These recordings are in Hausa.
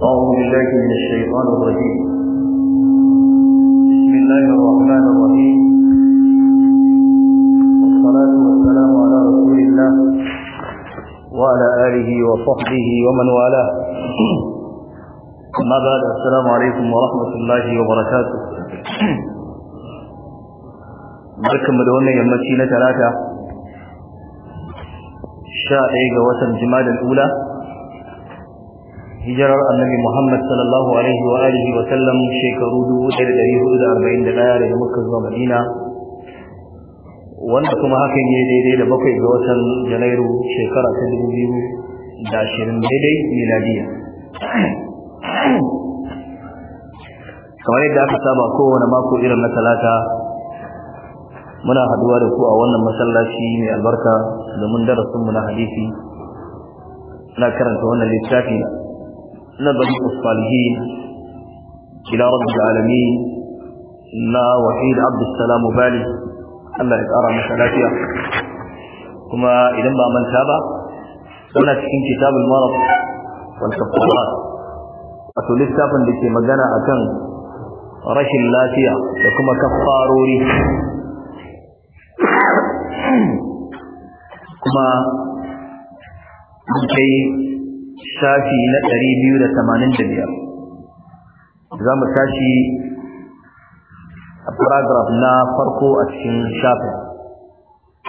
أعوذ بالله من الشيطان الرجيم بسم الله الرحمن الرحيم والصلاة والسلام على رسول الله وعلى آله وصحبه ومن والاه أما بعد السلام عليكم ورحمة الله وبركاته بركم دون da ثلاثة yammaci na talata 11 hijirar annabi Muhammad sallallahu alaihi wa alihi wa sallam shekaru 1441 daga Makka zuwa Madina wanda kuma hakan ya daidai da bakwai ga watan Janairu shekara ta 2020 daidai miladiya kamar yadda aka saba kowane mako irin na talata muna haduwa da ku a wannan masallaci mai albarka domin darasinmu na hadisi na karanta wannan littafi نظر الصالحين إلى رب العالمين نا وحيد عبد السلام بالي Allah ya tsara masa kuma idan ba manta ba muna cikin kitabul marad wal kafarat wato littafin da ke magana akan rashin lafiya da kuma kafarori kuma mun shafi na 285 za mu tashi a paragraph na farko a cikin shafin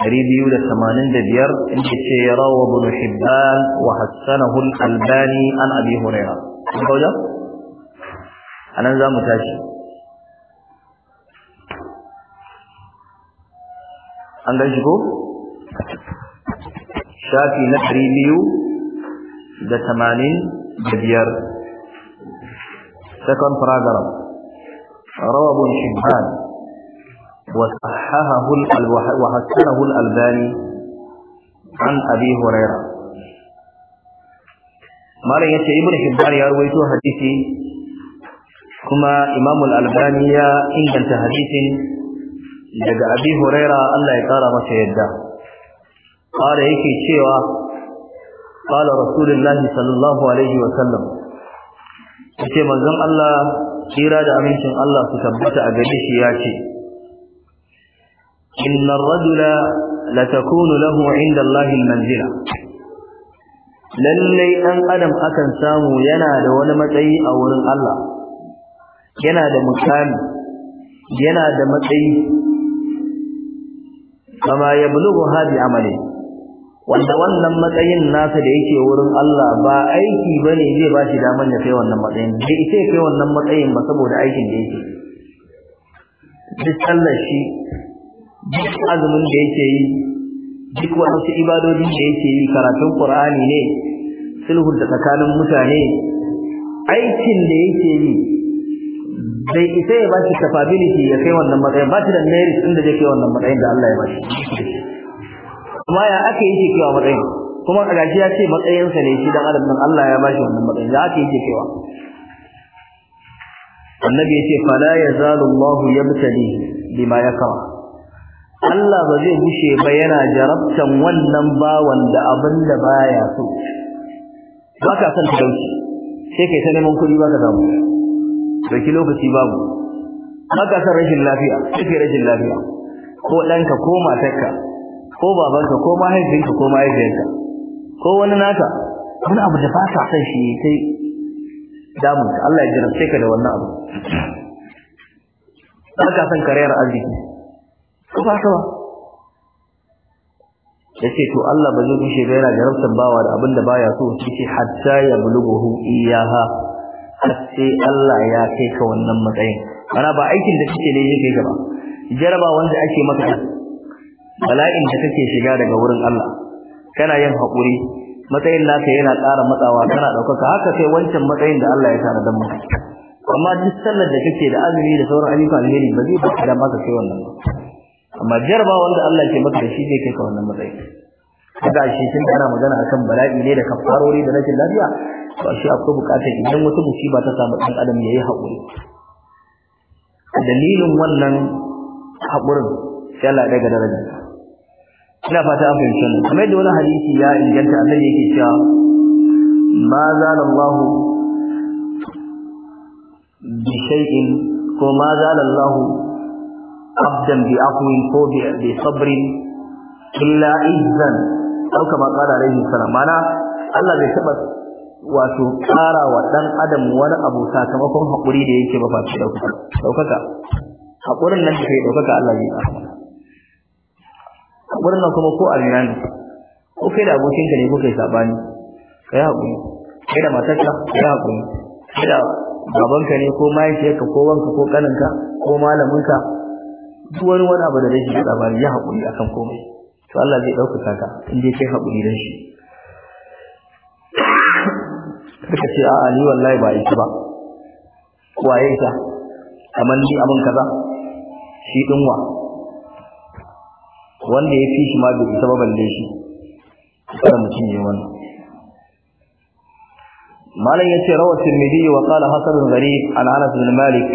285 inda ce rawu rawa bin hibban wa hassanahu al-albani an abi hurayra hurairah anan zamu tashi an gan shi ko shafi na 200 ده 80 بدير سكند فراغرام روى ابن شهاب وصححه وحسنه الالباني عن ابي هريره ما لا ابن حبان يرويته حديثي كما امام الالباني ان كان حديث لدى ابي هريره الله يقرا ما قال هيك شيء qala rasulullahi sallallahu alaihi wa sallam yace manzon Allah kira da amincin Allah su tabbata a gare shi yace innar rajula latakunu lahu inda Allah manzila lallai ɗan adam akan samu yana da wani matsayi a wurin Allah yana da mukami yana da matsayi kama yablughu hadi amali wanda wannan matsayin nasa da yake wurin Allah ba aiki bane zai ba shi daman ya kai wannan matsayin da ita kai wannan matsayin ba saboda aikin da yake duk Allah shi duk azumin da yake yi duk wasu ibadodin da yake yi karatun Qur'ani ne sulhu da tsakanin mutane aikin da yake yi bai isa ya ba shi capability ya kai wannan matsayin ba shi da merit inda zai kai wannan matsayin da Allah ya ba shi amma ya aka yake cewa matsayin kuma gashi ya ce matsayinsa ne shi dan adam Allah ya bashi wannan matsayin ya aka yake cewa annabi yace fala yazalu Allah yabtali bima yakra Allah ba zai gushe ba yana jarabtan wannan ba wanda abin da baya so baka san dauki, sai kai ta neman kuɗi baka samu dauki lokaci babu baka san rashin lafiya sai rashin lafiya ko ɗanka ko matarka ko babanka ko mahaifinka ko mahaifiyarka ko wani naka wani abu da ba sa son shi sai damu Allah ya jira jarabce ka da wannan abu ba ka son karayar arziki ko ba ka ba yace to Allah ba zai kushe ba yana jarabtan bawa da abin da baya so shi hatta ya bulughu iyaha har sai Allah ya kai ka wannan matsayin ana ba aikin da kike ne yake gaba jaraba wanda ake maka bala'in da kake shiga daga wurin Allah kana yin hakuri matsayin naka yana ƙara matsawa kana ɗaukaka haka sai wancan matsayin da Allah ya tsara dan maka amma duk sallar da kake da azumi da sauran ayyuka alheri ba zai baka da maka sai wannan amma jarba wanda Allah ke maka da shi zai kai ka wannan matsayi kaga shi tun ana magana akan bala'i ne da kafarori da rashin lafiya to shi akwai bukatar idan wata musiba ta samu dan adam yi haƙuri dalilin wannan haƙurin sai Allah ya daga darajarsa ina fata an fahimci wannan kamar yadda wani hadisi ya inganta annabi yake cewa ma zalallahu bi shay'in ko ma zalallahu abdan bi aqwin ko bi sabrin illa izzan ko kama qala alaihi salam mana Allah bai taba wato kara wa dan adam wani abu sakamakon hakuri da yake ba face daukaka hakurin nan da yake daukaka Allah ya yi murna kuma ko arina ne ko kai da abokin ka ne kuka yi sabani kai hakuri kai da matarka kai hakuri kai da babanka ne ko ka ko wanka ko ka ko malaminka duk wani wani abu da zai yi sabani ya hakuri akan komai to Allah zai dauka ka in dai kai hakuri da shi suka ce a'a ni wallahi ba ita ba waye ita kamar ni abin kaza shi dinwa wanda ya fi shi ma bai isa ba balle shi kada mutum ya wannan malam yace rawat tirmidhi wa qala hasan gharib an anas bin malik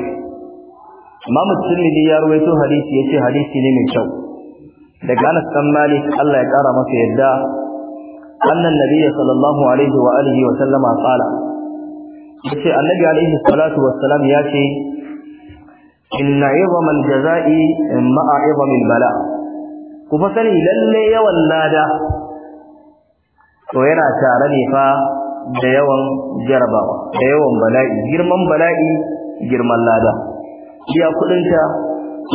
imam tirmidhi ya rawaito hadisi yace hadisi ne mai kyau daga anas bin malik Allah ya kara masa yadda annan nabiy sallallahu alaihi wa alihi wa sallama qala yace annabi alaihi salatu wa wassalam yace inna 'izama al-jaza'i ma'a 'izami al-bala' ku fa sani lalle yawan lada to yana tare ne fa da yawan jarabawa da yawan bala'i girman bala'i girman lada iya kudinta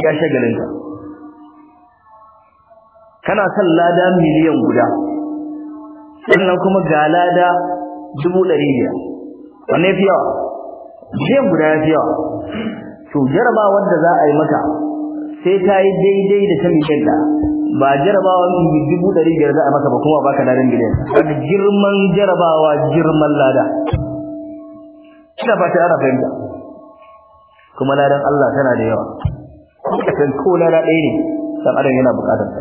iya shagalinta kana son lada miliyan guda sannan kuma ga lada dubu ɗari biyar wanne fi yawa miliyan guda ya fi yawa to jarabawar da za a yi maka sai ta yi daidai da ta miliyan ɗaya ba jarabawa dubu ɗari biyar za a masa ba kuma baka ladan gidan wanda girman jarabawa girman lada ina fata ana fahimta kuma ladan Allah tana da yawa kasan ko lada ɗaya ne dan adam yana buƙatar ta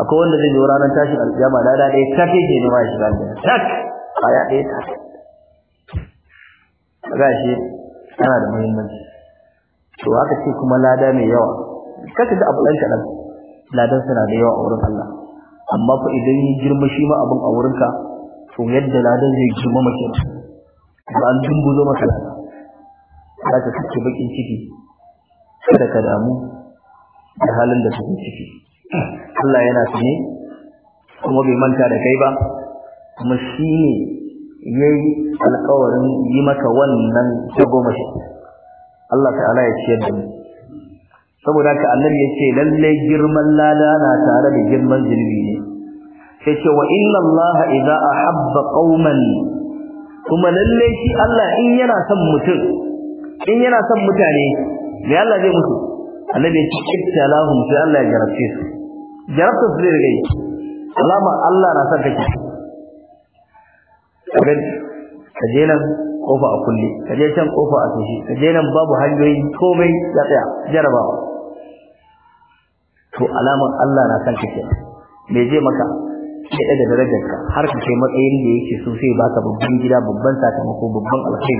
akwai wanda zai zo ranar tashin alƙiyama lada ɗaya ta ke ne ma shi lada tak aya ɗaya ta ga shi ana da muhimmanci to haka ce kuma lada mai yawa kaka da abu ɗan kaɗan ladan suna da yawa a wurin Allah amma fa idan ya girma shi ma abin a ka, to yadda ladan zai girma mace ba an dumbuzo maka ladan za ka kake bakin ciki kada ka damu da halin da suke ciki Allah yana ne kuma bai manta da kai ba kuma shi ne yayi alƙawarin yi maka wannan shi Allah ta'ala ya ciyar da mu saboda haka annabi yace lalle girman lada na tare da girman zunubi ne sai ce wa inna allaha idza ahabba qauman kuma lalle shi Allah in yana son mutum in yana son mutane me Allah zai mutu? annabi yace ibtalahum sai Allah ya jarabce su jarabta su zai gai alama Allah na son kake ka je nan kofa a kulle ka je can kofa a toshe ka je nan babu hanyoyi komai ya tsaya jarabawa to alaman Allah na san kake me zai maka da darajar darajarka har ka kai matsayin da yake so sai baka babban gida babban sakamako babban alheri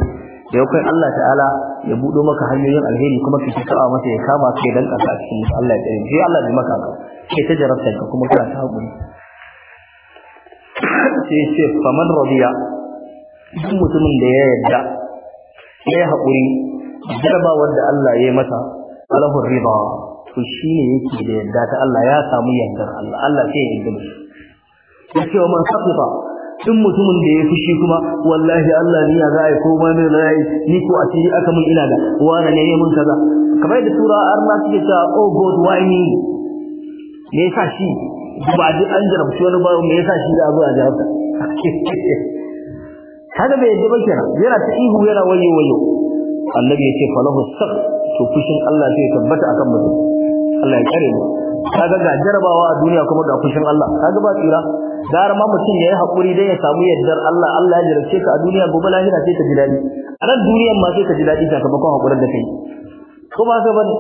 da yau kai Allah ta'ala ya budo maka hanyoyin alheri kuma ka kika masa ya kama kai dan ka a cikin Allah ya tsare sai Allah ya maka ka ke ta jarabta ka kuma ka ta hakuri sai ce faman radiya duk mutumin da ya yarda ya yi hakuri jarabawar da Allah ya yi masa alahu riba to shi ne yake da yarda ta Allah ya samu yardar Allah Allah sai ya yarda shi ya ce wa man safifa in mutumin da ya fushi kuma wallahi Allah ni ya za'a ko ma min ra'ayi ni ko a asiri aka mun ina da wani ne mun kaza kamar da tura arna suke cewa oh god why me me yasa shi ba ji an jarabci wani ba me yasa shi da zuwa jarabta kada bai yadda ba kenan yana ta ihu yana wayo wayo annabi ya ce falahu sak to fushin Allah zai tabbata akan mutum Allah ya kare mu kaga ga jarabawa a duniya kuma ga fushin Allah kaga ba tsira gara ma mutum yayi hakuri dai ya samu yaddar Allah Allah ya jarabce ka a duniya gobe lahira sai ka ji dadi a nan duniyar ma sai ka ji dadi sakamakon hakurin da kai ko ba ka bane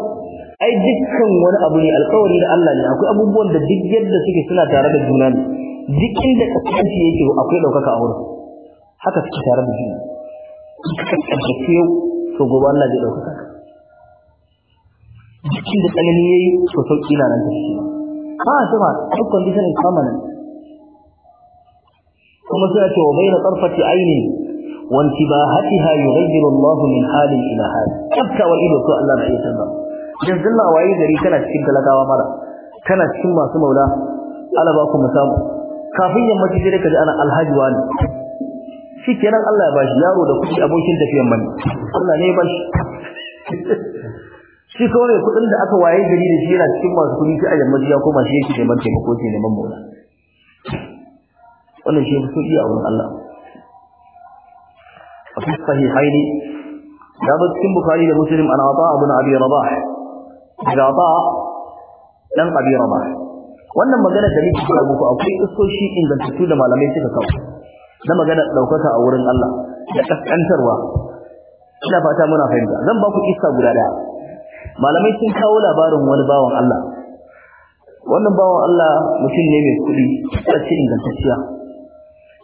ai dukkan wani abu ne alƙawari da Allah ne akwai abubuwan da duk yadda suke suna tare da juna ne duk inda kasance yake akwai ɗaukaka a wurin haka suke tare da juna suka kasance yau to gobe Allah zai ɗaukaka jikin da tsanani ya yi to sauƙi na nan tafi ba a cewa duk condition is permanent kuma suna cewa bai na tsarfati aini wanti ba hati ha yi rage Allah min halin ila hali tsabta wa ido to Allah na iya canza yanzu na waye gari kana cikin talakawa mara kana cikin masu maula ala ba ku musamu kafin yammaci sai ka ji ana alhaji wani shikenan Allah ya bashi yaro da kuɗi abokin tafiyan mani Allah ne ya bashi shi kawai mai kuɗin da aka waye gari da shi yana cikin masu kuɗi sai a yammaci ya koma shi yake neman taimako ke neman mola wannan shi yafi sauƙi a wurin Allah a fi sahihaini ya zo cikin bukari da muslim an ata abu na abi rabah daga ata dan abi rabah wannan magana da nake kira muku akwai iskoshi ingantattu da malamai suka kawo na magana ɗaukaka a wurin Allah da ƙasƙantarwa ina fata muna fahimta zan ba ku kissa guda ɗaya malamai sun kawo labarin wani bawan Allah wannan bawan Allah mutum ne mai kuɗi da cikin ingantacciya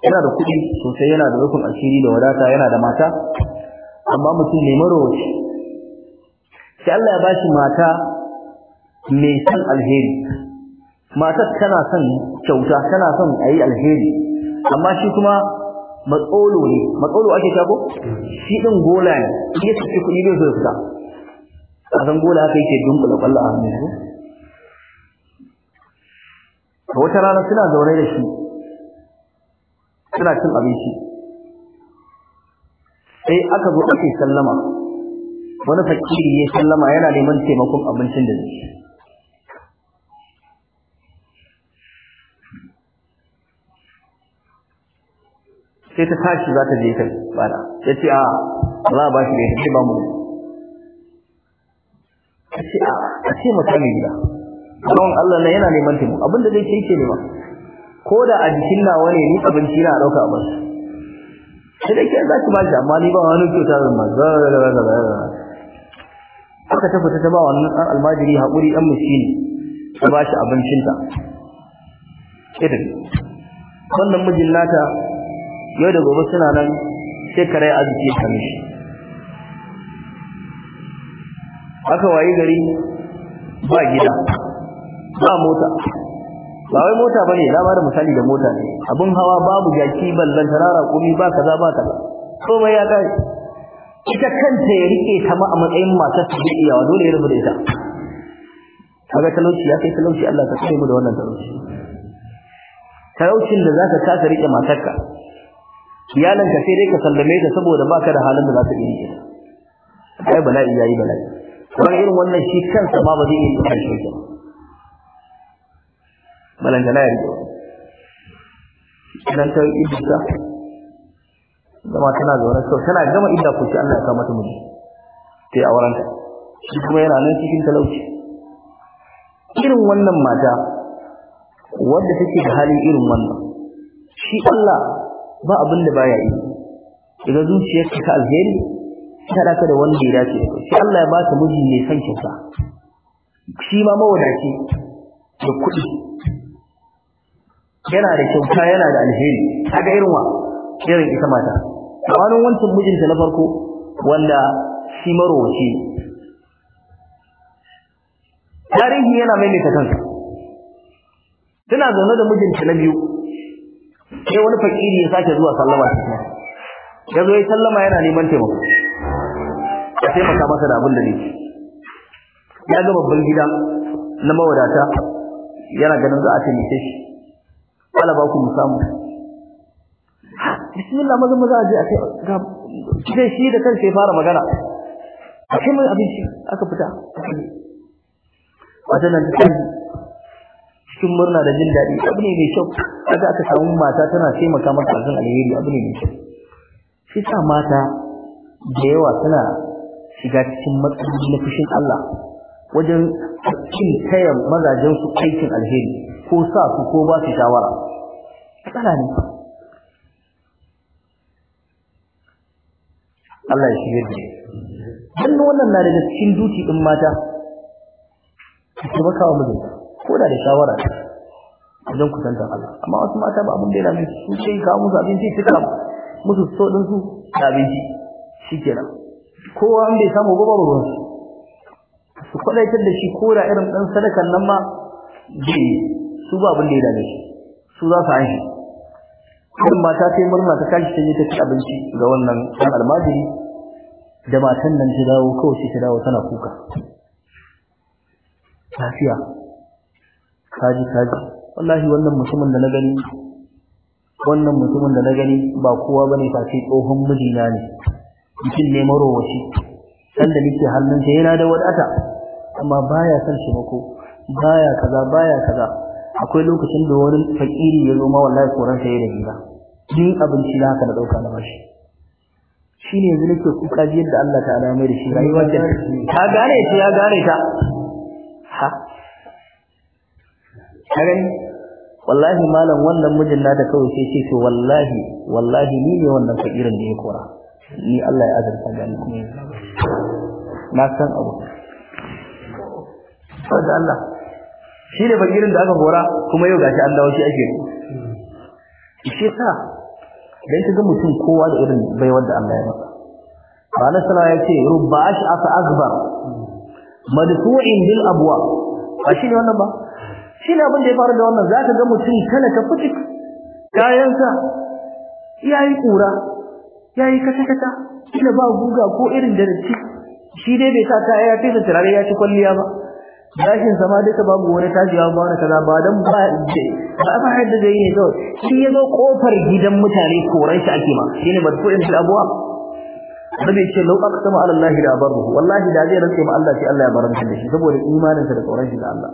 yana da kuɗi sosai yana da rukun asiri da wadata yana da mata amma mutum ne marowaci sai Allah ya ba shi mata mai san alheri matar tana son kyauta tana son a yi alheri amma shi kuma matsolo ne matsolo ake shago shi ɗin gola ne iya sake kuɗi zai zo fita kasan bola haka yake dunkula kwallo a hannun su a wata rana suna zaune da shi suna cin abinci sai aka zo ake sallama wani fakiri ya sallama yana neman taimakon abincin da zai sai ta tashi za ta je ta bada ya ce a za a ba shi da ya ce ba mu ka ce a ah, ce mutane gida don Allah ne yana neman taimako abinda zai ce ke nema ko da a jikin nawa ne ni abinci na dauka a basu sai dai kiyan zaki shi amma ni ba wani kyauta zan za aka ta fita ta ba wannan dan almajiri hakuri dan miskini ta bashi abincin ta idan wannan mijin nata yau da gobe suna nan sai kare arziki ta mishi aka waye gari ba gida ba mota ba wai mota bane na bada misali da mota ne abun hawa babu jaki ballan tarara kumi ba kaza ba kaza mai ya kai ita kanta ya rike ta ma a matsayin matar ta wa dole ya rubuta ita kaga talauci ya kai talauci Allah ta kai mu da wannan talauci talaucin da zaka kasa rike matarka iyalanka sai dai ka sallame ta saboda baka da halin da zaka iya ai bala'i yayi bala'i kuma irin wannan shi kansa ma ba zai iya tsaya shi ba balangana ya rigo idan ta yi idda zama tana zaune sau tana gama inda ku ci Allah ya kama ta miji ta yi auren ta shi kuma yana nan cikin talauci irin wannan mata wadda take da hali irin wannan shi Allah ba abin da baya yi idan zuciyarka ta alheri kada ka da wanda ya dace sai Allah ya ba ta miji mai san kyauta shi ma mawadaci da kuɗi yana da kyauta yana da alheri kaga irin wa irin ita mata tsamanin wancan mijinta na farko wanda shi marowaci tarihi yana maimaita kansa tana zaune da mijinta na biyu sai wani fakiri ya sake zuwa sallama ya zo ya sallama yana neman taimako a taimaka masa da abin da ne ya ga babban gida na mawadata yana ganin za a taimake shi ala ba ku mu samu bismillah maza maza a je a kai ga sai shi da kansa ya fara magana a kai mai abinci aka fita wata nan ta cikin murna da jin daɗi abu ne mai kyau kaga aka samu mata tana taimaka masa a kan alheri abu ne mai kyau shi sa mata da yawa suna shiga cikin matsaloli na fushin Allah wajen cikin tayar mazajen su aikin alheri ko sa su ko ba su shawara matsala ne Allah ya shirya da dan wannan na daga cikin duti din mata ki baka wa mijinta ko da da shawara idan ku san Allah amma wasu mata ba abin da yana musu su ce kawo musu abinci suka musu so din su da abinci kenan. kowa an bai samu gaba ba ruwan su kwadaitar da shi kora irin dan sadakan nan ma bai su ba abin da ya dame shi su za su aiki. kan mata sai murna ta kashi sai ta ci abinci ga wannan dan almajiri da matan nan ta dawo kawai sai ta dawo tana kuka lafiya kaji kaji wallahi wannan mutumin da na gani wannan mutumin da na gani ba kowa bane face tsohon mijina ne mutum ne marowaci sanda nake hannunsa yana da wadata amma baya son taimako baya kaza baya kaza akwai lokacin da wani fakiri ya zo ma wallahi koran sa yayin gida din abinci da haka da dauka na bashi shine yanzu nake kuka ji yadda Allah ta alamai da shi rayuwar da ta gane ta ya gane ta ha kare wallahi malam wannan mijin na da kawai sai ce to wallahi wallahi ni ne wannan fakirin da ya kora ni Allah ya azurta da ni kuma na san abu saboda Allah shi ne bagirin da aka hora kuma yau gashi an dawo shi ake shi sa ta ga mutum kowa da irin baiwar da Allah ya masa Allah sallallahu ya ce rubba aka akbar madfu'in bil abuwa. ba shi ne wannan ba shi ne abin da ya faru da wannan ka ga mutum kana ta fitik kayansa yi kura yayi kata kata kila ba guga ko irin da shi dai bai sa kaya ya fesa turare ya ci kwalliya ba gashin zama ta babu wani tajiya ba wani kaza ba dan ba ba ba hadda zai ne kawai shi ya zo kofar gidan mutane koran shi ake ma shine madfu'in fil abwab Nabi ce lau aqsama ala Allah da barruhu wallahi da zai rantsa ma Allah sai Allah ya baranta da shi saboda imanin sa da tsoron shi da Allah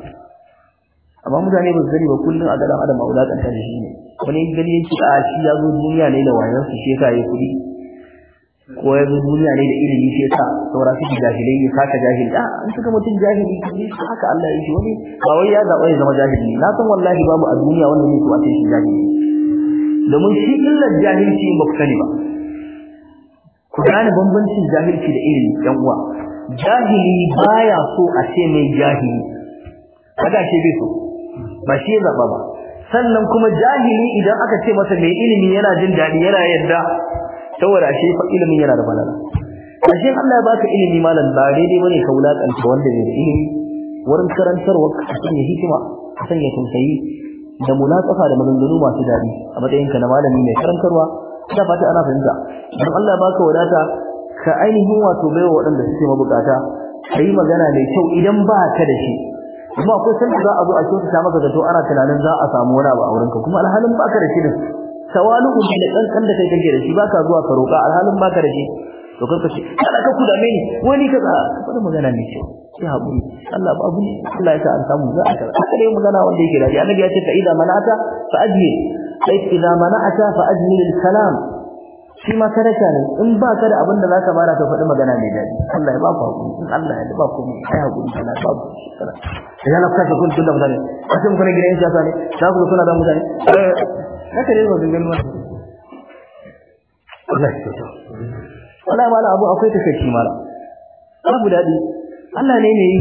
amma mutane ba su gani ba kullun a gadan adam a wulakanta da shi ne wani gani yake a shi ya zo duniya ne da wayar su shi yasa kudi Koyar ya duniya ne da ilimi shi yasa saura shi jahilai ya saka jahili ah, an saka mutum jahili ne haka Allah ya shi wani ba wai ya zaba ya zama jahili na san wallahi babu a duniya wanda ne so a shi jahili domin shi illar jahilci ba ku sani ba ku gane bambancin jahilci da ilimi yan uwa jahili baya so a ce mai jahili kaga shi bai so ba shi ya ba sannan kuma jahili idan aka ce masa mai ilimi yana jin daɗi yana yadda saboda ashe fa ilimin yana da falala ashe Allah ya baka ilimi malam ba daidai bane ka wulakanta wanda bai ilimi wurin karantarwa ka sanya hikima ka sanya tausayi da mulatsafa da maganganu masu daɗi a matsayinka na malami mai karantarwa ina fata ana fahimta don Allah ya baka wadata ka ainihin wato baiwa waɗanda suke mabukata ka yi magana mai kyau idan ba ka da shi kuma akwai sanda za a zo a kyautata maka zato ana tunanin za a samu wani abu a wurinka kuma alhalin ba ka da shi su. tawalu'u da kankan da kai kake da shi baka zuwa ka roƙa alhalin baka da shi to kanka ce kada ka kuda mini wani ka za wani magana ne ce ki haƙuri Allah babu ne Allah ya sa an samu za a kara aka dai magana wanda yake da shi annabi ya ce fa idza mana'ata fa ajmil fa idza mana'ata fa ajmil al-kalam shi ma sadaka ne in ba ka da abin da zaka bara ka faɗi magana mai daɗi Allah ya ba ku hakuri in Allah ya ba ku ai hakuri kana ba ku kana idan ka kashe kun tunda mutane kashe mun kuna gidan siyasa ne za ku kuna da mutane eh, haka ne maganganu Allah ya kyauta wala mala abu akwai takaici mala abu daɗi Allah ne ne yi.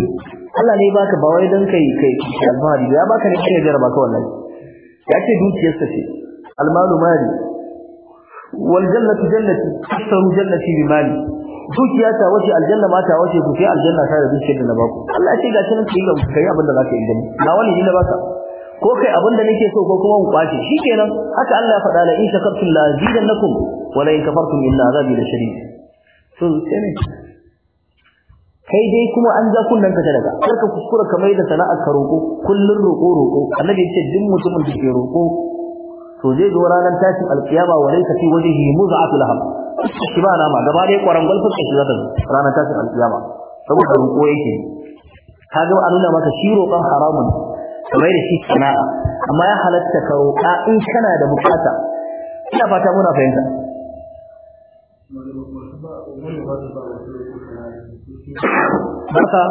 Allah ne baka ba wai dan kai kai alfahari ya baka ne kai jaraba ka wallahi ya ce dukiyarsa ce almalu mali wal jannatu jannati aktharu jannati bi mali dukiya ta wace aljanna ma ta wace ku sai aljanna ta da dukiyar da na baku Allah ya ce ga kin kai ga kai abin da zaka yi dan na wani ne na baka ko kai abin da nake so ko kuma in kwace shikenan haka Allah ya faɗa la in shakartum la azidannakum wa la in kafartum inna azabi la shadid to sai kai dai kuma an ja kunnan ka daga karka kuskura kamar da sana'ar ka roko kullun roko roko annabi ya ce duk mutumin da ke roko to zai zo ranar tashin alkiyama wa laysa fi wajhihi muz'atul ham shi ba nama gaba dai kwarangwal fuskar shi zata ranar tashin alkiyama saboda roko yake kaga an nuna maka shi roƙon haramun kamar da shi sana'a amma ya halatta ka roƙa in kana da bukata ina fata muna fahimta barka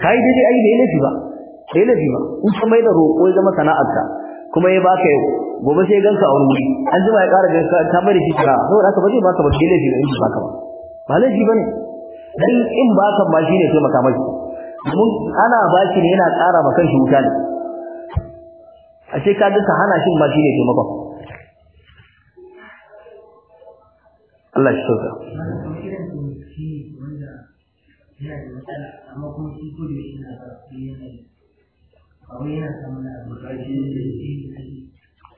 ka yi daidai ai da ya lafi ba da ya lafi ba in ka mai da roƙo ya zama sana'arka kuma ya baka yau gobe sai ganka a wuri. an jima ya ƙara ganka ta mai shi sana'a saboda haka ba zai baka ba da ya lafi ba in ba ka ba ba laifi ba ne dan in ba kan ba shine maka mai mun ana ba shi ne yana ƙara maka shi wuta ne a ce ka duka hana shi ma shine taimaka Allah shi tauka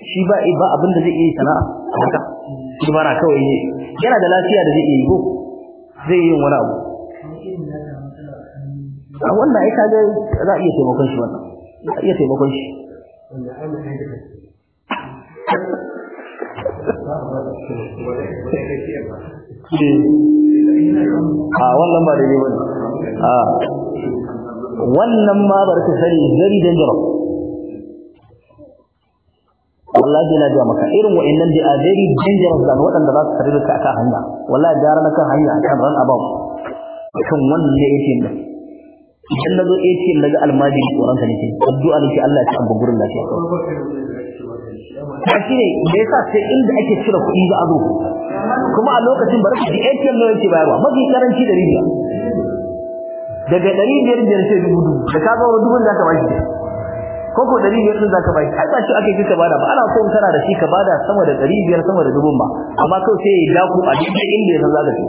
shi ba ba abin da zai iya sana'a haka shi bara kawai yana da lafiya da zai iya yi ko zai yi wani abu a wannan ai kaga za a iya taimakon shi wannan za a iya taimakon shi eh. a wannan ba daidai bane a wannan ma bar ka sani very dangerous wallahi na ga maka irin wa'annan da are very dangerous dan waɗanda za su kare ka akan hanya wallahi gara na kan hanya a kan ran abau kan wannan ne yake idan na zo ATM na ga almajiri tsoronka nake addu'a nake Allah ya ci abu gurin lafiya ba shi ne da yasa sai inda ake cire kuɗi za a zo kuma a lokacin bar shi ATM ne yake bayarwa mafi karanci da riba daga ɗari biyar biyar sai dubu dubu da ka gawo dubun za ka ba shi ko ko ɗari biyar sun za ka ba shi ai ba shi ake kika bada ba ana so in kana da shi ka bada sama da ɗari biyar sama da dubun ba amma kawai sai ya ku a duk inda ya san za ka ci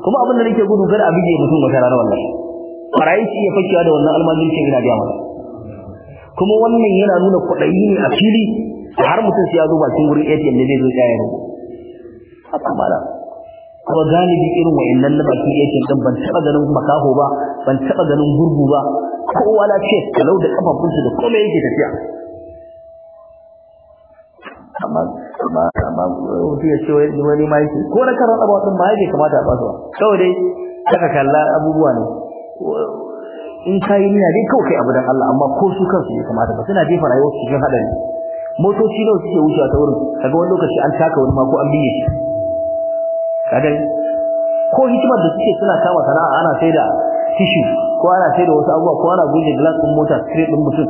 kuma abin da nake gudu kar a bige mutum wata rana wallahi barayi su iya da wannan almajincin yana biya mata kuma wannan yana nuna kwaɗayi ne a fili har mutum sai ya zo bakin wurin ATM ne zai zo ya yaro haka mala kuma galibi irin wayannan na bakin ATM din ban taba ganin makaho ba ban taba ganin gurgu ba kowa ce kalau da kafafunsa da komai yake tafiya amma amma amma mutum ya ce wani ma yake ko na karan abu wasan ma yake kamata a basuwa kawai dai aka kalla abubuwa ne in kai niyya dai kawai kai abu dan Allah amma ko su kansu ya kamata ba suna jefa rayuwar su cikin hadari motoci nawa suke wucewa ta wurin kaga wani lokaci an taka wani ma ko an biye shi kaga ko hikimar da suke suna kama sana'a ana saida tishu ko ana saida wasu abubuwa ko ana guje glass din mota screen din mutum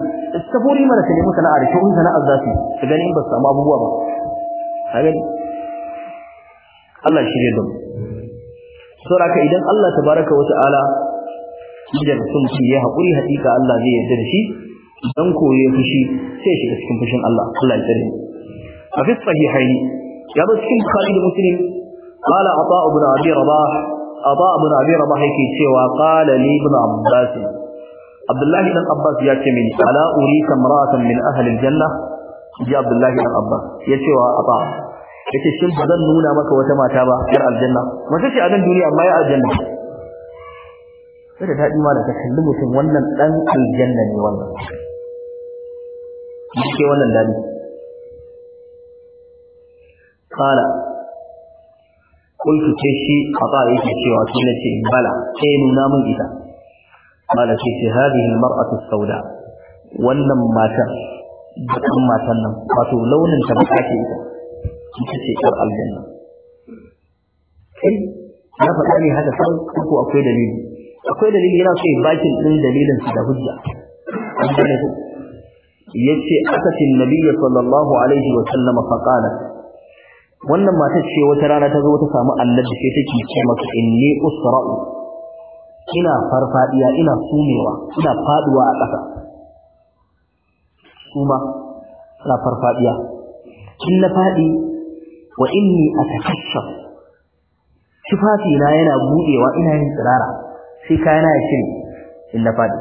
safuri mana ta nemi sana'a da kyau in sana'ar za su ta gani in ba su samu abubuwa ba kaga Allah shi ne don saboda idan Allah tabaraka wa ta'ala idan mutum ce ya haƙuri haƙiƙa Allah zai yarda da shi dan koye fushi sai shiga cikin fushin Allah Allah ya tsare a fi sahihaini ya zo cikin Bukhari da Muslim qala ata ibn abi rabah ata ibn abi rabah yake cewa qala li ibn abbas Abdullah ibn Abbas ya ce mini ala urika mar'atan min ahli aljanna ya Abdullah ibn Abbas ya ce wa ata yace shin bazan nuna maka wata mata ba yar aljanna mace ce a nan duniya amma ya aljanna sai da daɗi ma da ka kalli mutum wannan ɗan aljanna ne wannan ke wannan daɗi kala kultu ce shi a ba yake cewa su na ce bala sai nuna min ita bala ce ce hadihi mar'atu sauda wannan da bakan matan nan wato launin ta baka ce ita ita ce ƴar aljanna kai na faɗa ne haka sai ko akwai dalili akwai dalili yana so ya bakin din dalilin su da hujja yace akatin nabiyyi sallallahu alaihi wa sallam fa qala wannan matar ce wata rana ta zo ta samu da sai take ce masa inni usra'u ina farfadiya ina sumewa ina faduwa a ƙasa kuma ina farfadiya in na fadi wa inni atakashaf tufafi na yana budewa ina yin tsirara sai kayana ya shiri in na faɗi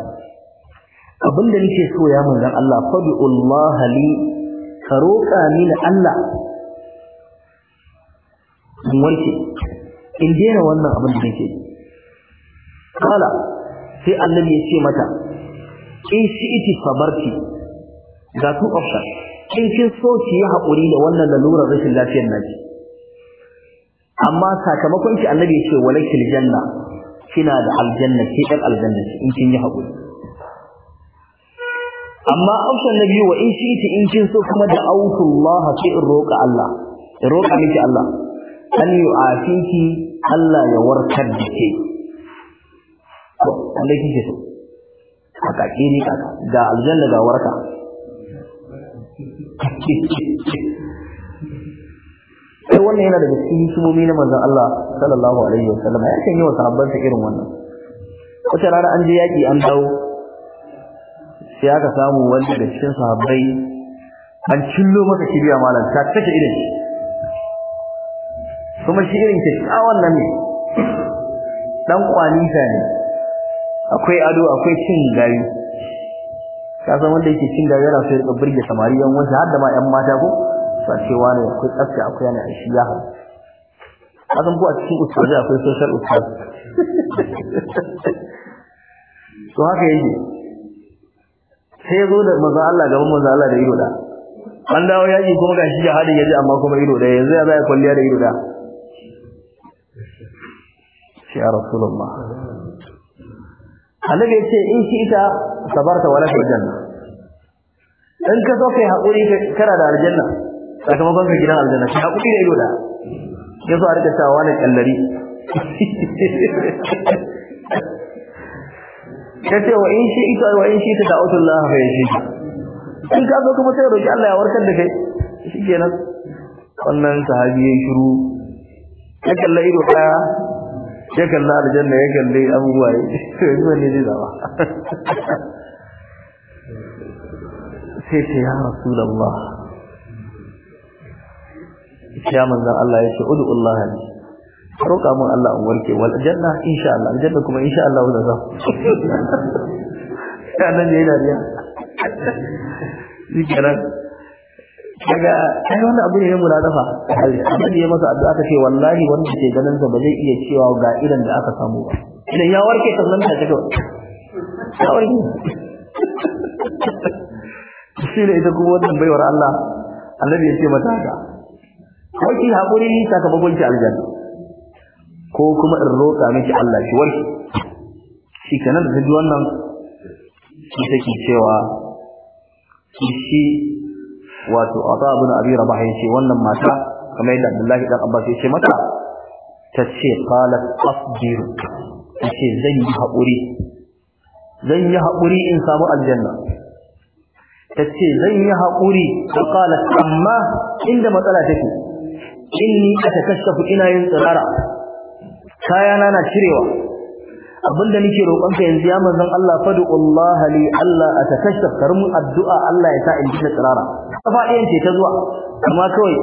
abinda nake so ya manzan Allah fad'ullah li ka roƙa mini Allah in wanke in daina wannan abin da nake kala sai annabi ya ce mata in shi iti fabarti ga two options in kin so ki yi haƙuri da wannan lalurar rashin lafiyar naki amma sakamakon ki annabi ya ce walakil janna kina da aljanna ke ɗan aljanna in kin yi haƙuri amma amsar na biyu wa in shi ta in kin so kuma da autullah ce in roƙa Allah in roƙa miki Allah an yu'afiki Allah ya warkar da ke to wanda kike so a kake ni kaka ga aljanna ga warka sai wannan yana daga cikin hikimomi na manzon Allah sallallahu alaihi wasallam ya kan yi wa sahabbansa irin wannan wata rana an je yaki an dawo sai aka samu wani da cikin sahabbai an cillo masa kibiya malam ta take irin kuma shi irin ta kyakkyawan nan ne dan ta ne akwai ado akwai cin gari ka san wanda yake cin gari yana so ya burge samari yan wasu har da ma yan mata ko su a ce wani akwai tsarki akwai yana a shi ya hau azan ko a cikin ustazi akwai social ustazi to haka yake sai zo da maza Allah gaban maza Allah da ido da an dawo yaji kuma gashi jihadin yaji amma kuma ido da yanzu ya zai kwalliya da ido da shi a rasulullah annabi ya ce in shi ita sabarta wala fil janna in ka zo kai haƙuri kara da aljanna sakamakon su gidan aljanna shi hakuri ne yoda zo a rika cewa wani kallari ce wa in shi ita wa in shi ta da'utullah fa yashi in ka zo kuma sai roki Allah ya warkar da kai shikenan wannan sahabi ya shiru ya kalla ido daya ya kalla aljanna ya kalle abubuwa ya ne zai zama sai ce ya rasu da Allah ya manzon Allah ya ce ud'ullaha li roƙa mun Allah in warke wal janna insha Allah aljanna kuma insha Allah da za ya nan ne da ya zikiran kaga ai wannan abu ne ya muladafa abin ya masa addu'a ta ce wallahi wanda ke ganin sa ba zai iya cewa ga irin da aka samu ba idan ya warke kan nan ta ce ya warke shi ne ita kuma wannan baiwar Allah annabi ya ce mata haka ko yi hakuri sakamakon ki aljanna ko kuma in roƙa miki Allah ki warki shi kenan da duk wannan shi take cewa shi wato Ata ibn Abi Rabah yace wannan mata kamar yadda Abdullahi dan Abbas yace mata ce qalat asbir tace zan yi haƙuri zan yi haƙuri in samu aljanna Ta ce zan yi haƙuri ta qalat amma inda matsala take inni atakassafu ina yin tsirara kayana na cirewa abinda nake roƙonka yanzu ya manzon Allah fad'ullaha li Allah atakashaf karmu addu'a Allah ya sa in ji tsirara kafa ɗayan ce ta zuwa amma kawai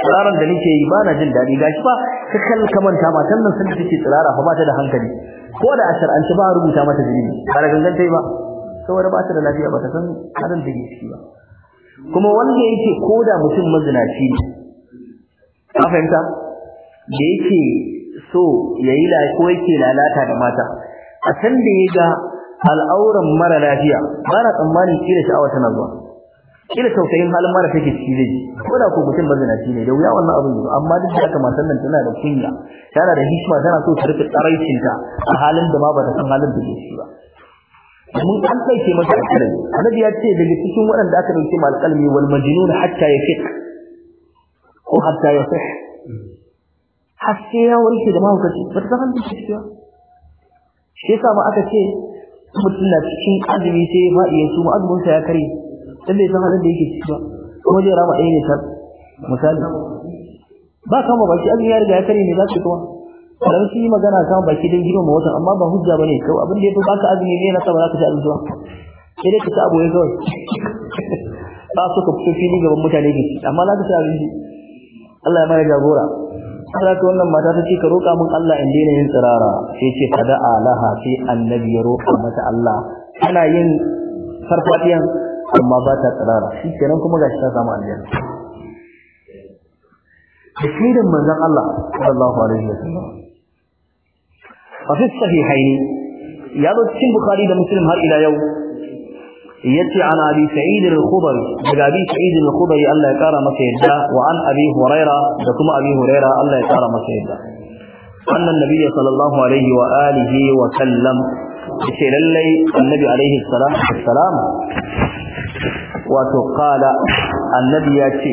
tsiraran da nake yi bana jin daɗi gashi fa ka ka manta matan nan sun take tsirara fa ba ta da hankali ko da ashar an ci ba rubuta mata jini ba da gangan tai ba saboda ba ta da lafiya ba ta san halin da yake ciki ba kuma wanda yake da mutum mazinaci ne ka fahimta da yake so yayi la ko yake lalata da mata a san da ya ga al'auran mara lafiya ba na tsammanin kila sha'awa tana zuwa kila tausayin halin mara take ciki zai ji ko da ko mutum mazinaci ne da wuya wannan abin yau amma duk da haka matan nan tana da kunya tana da hikima tana so ta rufe tsaraicinta a halin da ma ba ta san halin da ke ba mun an ɗauke mata alƙalami annabi ya ce daga cikin waɗanda aka ɗauke ma alƙalami wal majnun hatta yafiq ko hatta ya sai haske ya warke da mahaukaci ba ta zama cikin cikiwa shi yasa ma aka ce mutum na cikin azumi sai ya faɗi ya suma azuminsa ya kare dan bai san halin da yake ciki ba kuma zai rama ɗaya ne tar misali ba kama baki azumi ya riga ya kare ne za su kuma dan shi magana kan baki dan girma wata amma ba hujja bane kawai abin da ya yafi baka azumi ne na saba za ka ci azumi ba sai dai ka ci abu ya kawai ba su ka fito fili gaban mutane ne amma za ka ci abinci Allah ya mana jagora Allah ta wannan mata ta ce ka roƙa min Allah in daina yin tsirara sai ce da'a laha sai annabi ya roƙa mata Allah ana yin farfadiyan amma ba ta tsirara shi kenan kuma gashi ta samu aljanna da shaidan manzon Allah sallallahu alaihi wasallam a fi sahihaini ya zo cikin bukhari da muslim har ila yau yace an abi sa'id al daga abi sa'id al-khudri Allah ya kara masa yadda wa an abi huraira da kuma abi huraira Allah ya kara masa yadda annan nabiyyi sallallahu alaihi wa alihi wa sallam yace lallai annabi alaihi salatu wassalam wato qala annabi yace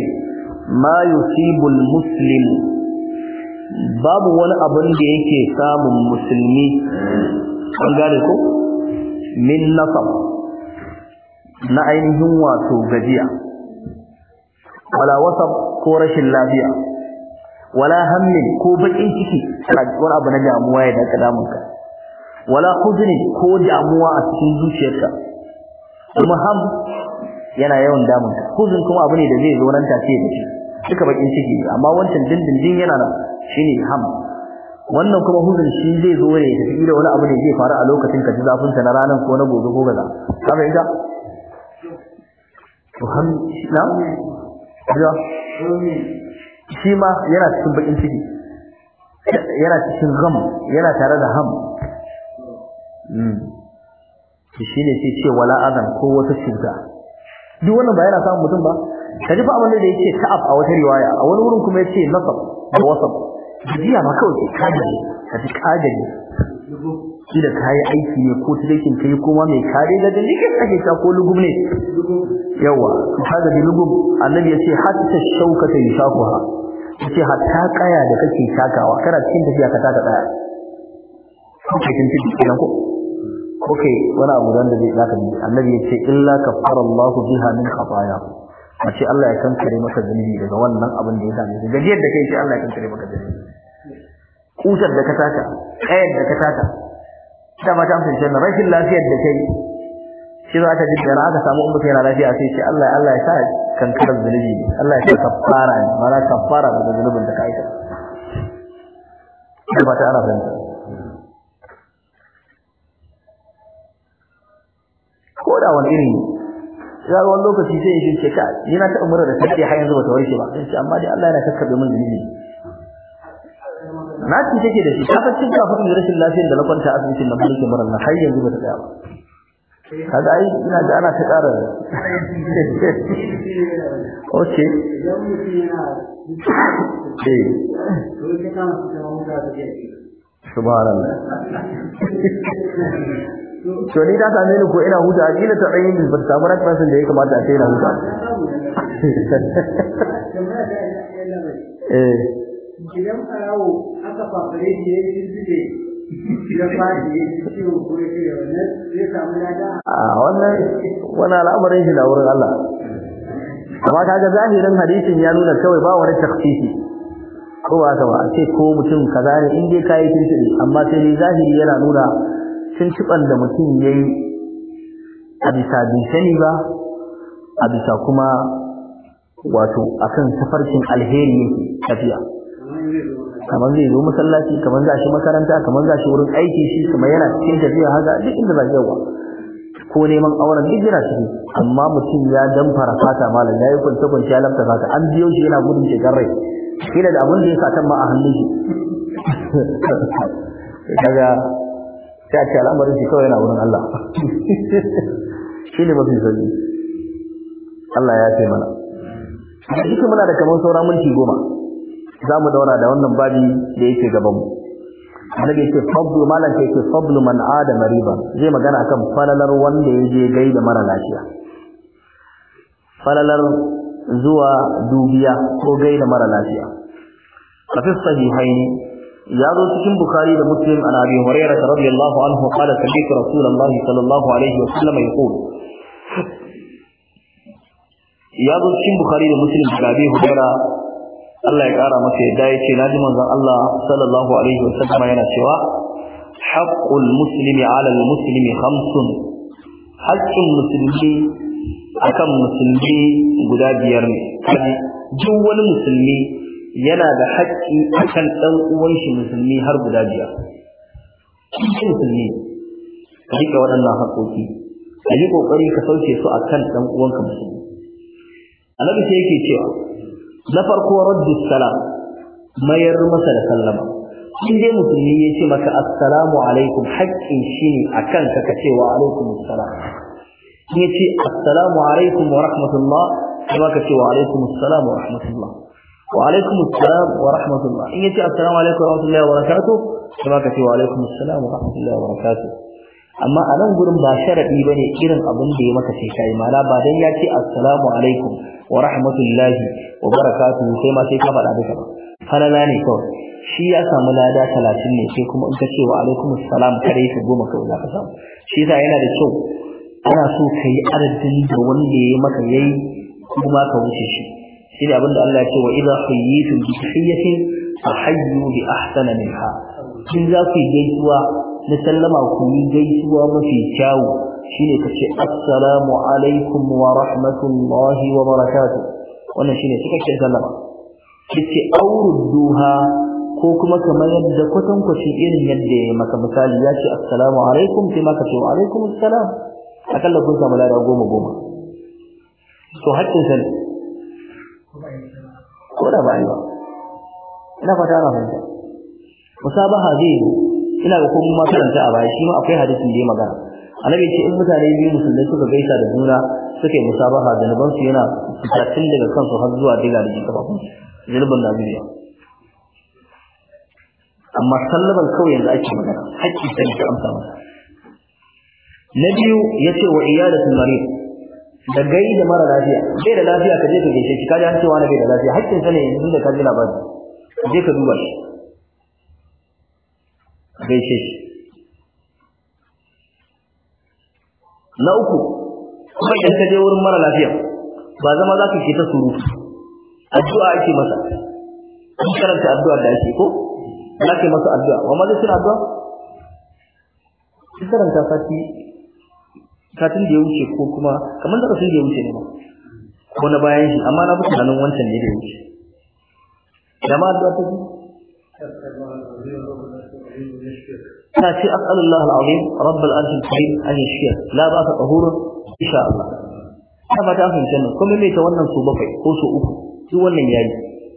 ma muslim babu wani abin da yake samun musulmi an gane ko min na ainihin wato gajiya wala wasab ko rashin lafiya wala hammin ko bakin ciki wani abu na damuwa ya daga damunka wala kudini ko damuwa a cikin zuciyarka kuma ham yana yawan damunka huzun kuma abu ne da zai zo nan tafiye da shi duka bakin ciki amma wancan dindindin yana nan shine ham wannan kuma huzun shi zai zo ne tafi da wani abu ne zai faru a lokacin ka ji zafin sa na ranar ko na gobe ko gaza kaga ita na? ya shi ma yana cikin baƙin ciki yana cikin gham yana tare da ham hmm. shi ne sai ce wala adan ko wata cuta duk wannan ba yana samun mutum ba kaji fa abin da ce ka'af a wata riwaya a wani wurin kuma ya yace nasab da wasab jiya ma kawai kaje kaji kaje shi da kayi aiki ne ko tilakin kai kuma mai kare ga dalilin ake ta ko lugum ne yawa hada bi lugub annabi yace hatta shaukata yashakuha yace hatta kaya da kake takawa kana cikin tafiya ka taka kaya cikin tafiya ko okay wani abu dan da zai zaka bi annabi yace illa kafara Allah biha min khataya ce Allah ya kankare maka zunubi daga wannan abin da ya same ka gajiyar da kai shi Allah ya kankare maka zunubi kusar da ka taka kayar da ka taka da ba ta amsa shi rashin lafiyar da kai shi za ka ji da aka samu umma yana lafiya sai ce Allah Allah ya sa kankarar zunubi Allah ya sa kafara ne ka kafara daga zunubin da ka aikata ba ta ana fahimta ko da wani iri ya ga wani lokaci sai ya ce ka yi, na taɓa mura da take har yanzu ba ta warke ba sai ce amma dai Allah yana kakkabe min zunubi na ci take da shi ta fa cin kafin rashin lafiyar da na kwanta asibitin da mulkin mura na har yanzu ba ta tsaya ba kaga ai ina da ana ta ƙara to ni da ta ne ko ina huta kila ta ɗan da ta mara sun da ya kamata a ce huta eh. a wannan wani al'amarin shi na wurin Allah amma kaga zahirin hadisin ya nuna kawai ba wani takfifi ko ba ba a ce ko mutum kaza ne in dai kayi tuntuni amma sai dai zahiri yana nuna tuntuban da mutum ya yi a bisa sani ba a bisa kuma wato akan tafarkin alheri yake tafiya kamar zai zo masallaci kamar za shi makaranta kamar za shi wurin aiki shi kuma yana cikin tafiya haka duk inda ba yawa ko neman auren duk yana ciki amma mutum ya damfara fata malam ya yi kwance kwance ya lamta fata an biyo shi yana gudun ke rai kila da abun da ya satan ma a hannun shi kaga ta ce al'amarin shi kawai yana wurin Allah shi ne mafi sauki Allah ya ce mana a cikin muna da kamar saura mulki goma za mu daura da wannan babi da yake gaban mu annabi yake fadlu malan ta yake fadlu man ada mariba zai magana akan falalar wanda ya je da mara lafiya falalar zuwa dubiya ko gai da mara lafiya kafin sahihaini ya zo cikin bukhari da muslim an abi hurairah radiyallahu anhu qala sami'tu rasulullahi sallallahu alaihi wa sallam yaqul ya zo cikin bukhari da muslim da abi hurairah Allah ya ƙara masa yadda yace naji manzon Allah sallallahu alaihi wasallam yana cewa haqqul musulmi ala musulmi muslimi haƙƙin haqqin musulmi akan musulmi guda biyar ne kaji duk wani musulmi yana da haƙƙi akan ɗan uwan shi musulmi har guda biyar kin musulmi ka riƙe waɗannan haƙoƙi ka yi ƙoƙari ka sauke su akan ɗan uwanka musulmi annabi sai yake cewa na farko raddu salam mayar masa da sallama in dai musulmi ya ce maka assalamu alaikum haƙƙin shi ne a kanka ka ce wa alaikum assalam in ya ce assalamu alaikum wa rahmatullah kuma ka ce wa alaikum assalam wa rahmatullah wa alaikum assalam wa rahmatullah in ya ce assalamu alaikum wa rahmatullahi wa barakatuh kuma ka ce wa alaikum assalam wa rahmatullahi wa barakatuh amma a nan gurin ba sharadi bane irin abin da ya maka sai kai mala ba dan ya ce assalamu alaikum wa rahmatullahi wa barakatuhu sai ma sai ka faɗa duka ba falala ne kawai shi ya samu lada talatin ne sai kuma in ka ce wa alaikum assalam kare ka goma kawai za ka samu shi yasa yana da kyau ana so ka yi adadin da wanda ya maka yayi kuma ka wuce shi shi ne abinda Allah ya ce wa idza hayyitum bi tahiyyatin fahayyu bi ahsana minha kin za ku yi gaisuwa na sallama ku yi gaisuwa mafi kyawu shine kace assalamu alaikum wa rahmatullahi wa barakatuh wannan shine cikakken sallama kace duha ko kuma kamar yadda kwatankwacin irin yadda ya maka misali ya ce assalamu alaikum sai maka ce wa alaikum assalam akalla kun samu lada goma goma to haƙƙin sani ko da ba ba ina fata ana fahimta musabaha zai ina ga kuma makaranta a baya shi ma akwai hadisin da ya magana annabi ce in mutane biyu musulmai suka gaisa da juna suke musabaha musabaha nuban su yana tattun daga kansu har zuwa diga da jikin kafafun zanubin na biyu amma sallaban kawai yanzu ake magana hakki ta ne amsa masa na biyu yace wa iyadatul marid da gai da mara lafiya bai da lafiya ka je ka gaishe shi kaje an cewa na bai da lafiya hakkin sa ne yanzu da ka ji labari je ka duba shi gaishe shi na uku kuma idan ka je wurin mara lafiya ba zama za ka ke ta surutu addu'a ake masa an karanta addu'a da ake ko za ka masa addu'a wa ma zai suna addu'a ki karanta sati satin da ya wuce ko kuma kamar da kasu da ya wuce ne ba ko na bayan shi amma na fi tunanin wancan ne da ya wuce da ma addu'a ta ji تاتي أسأل الله العظيم رب الأرش الكريم أن يشفيه ba بأس طهور إن شاء الله haka ta fahimci nan kuma mai ta wannan su bakwai ko su uku su wannan yayi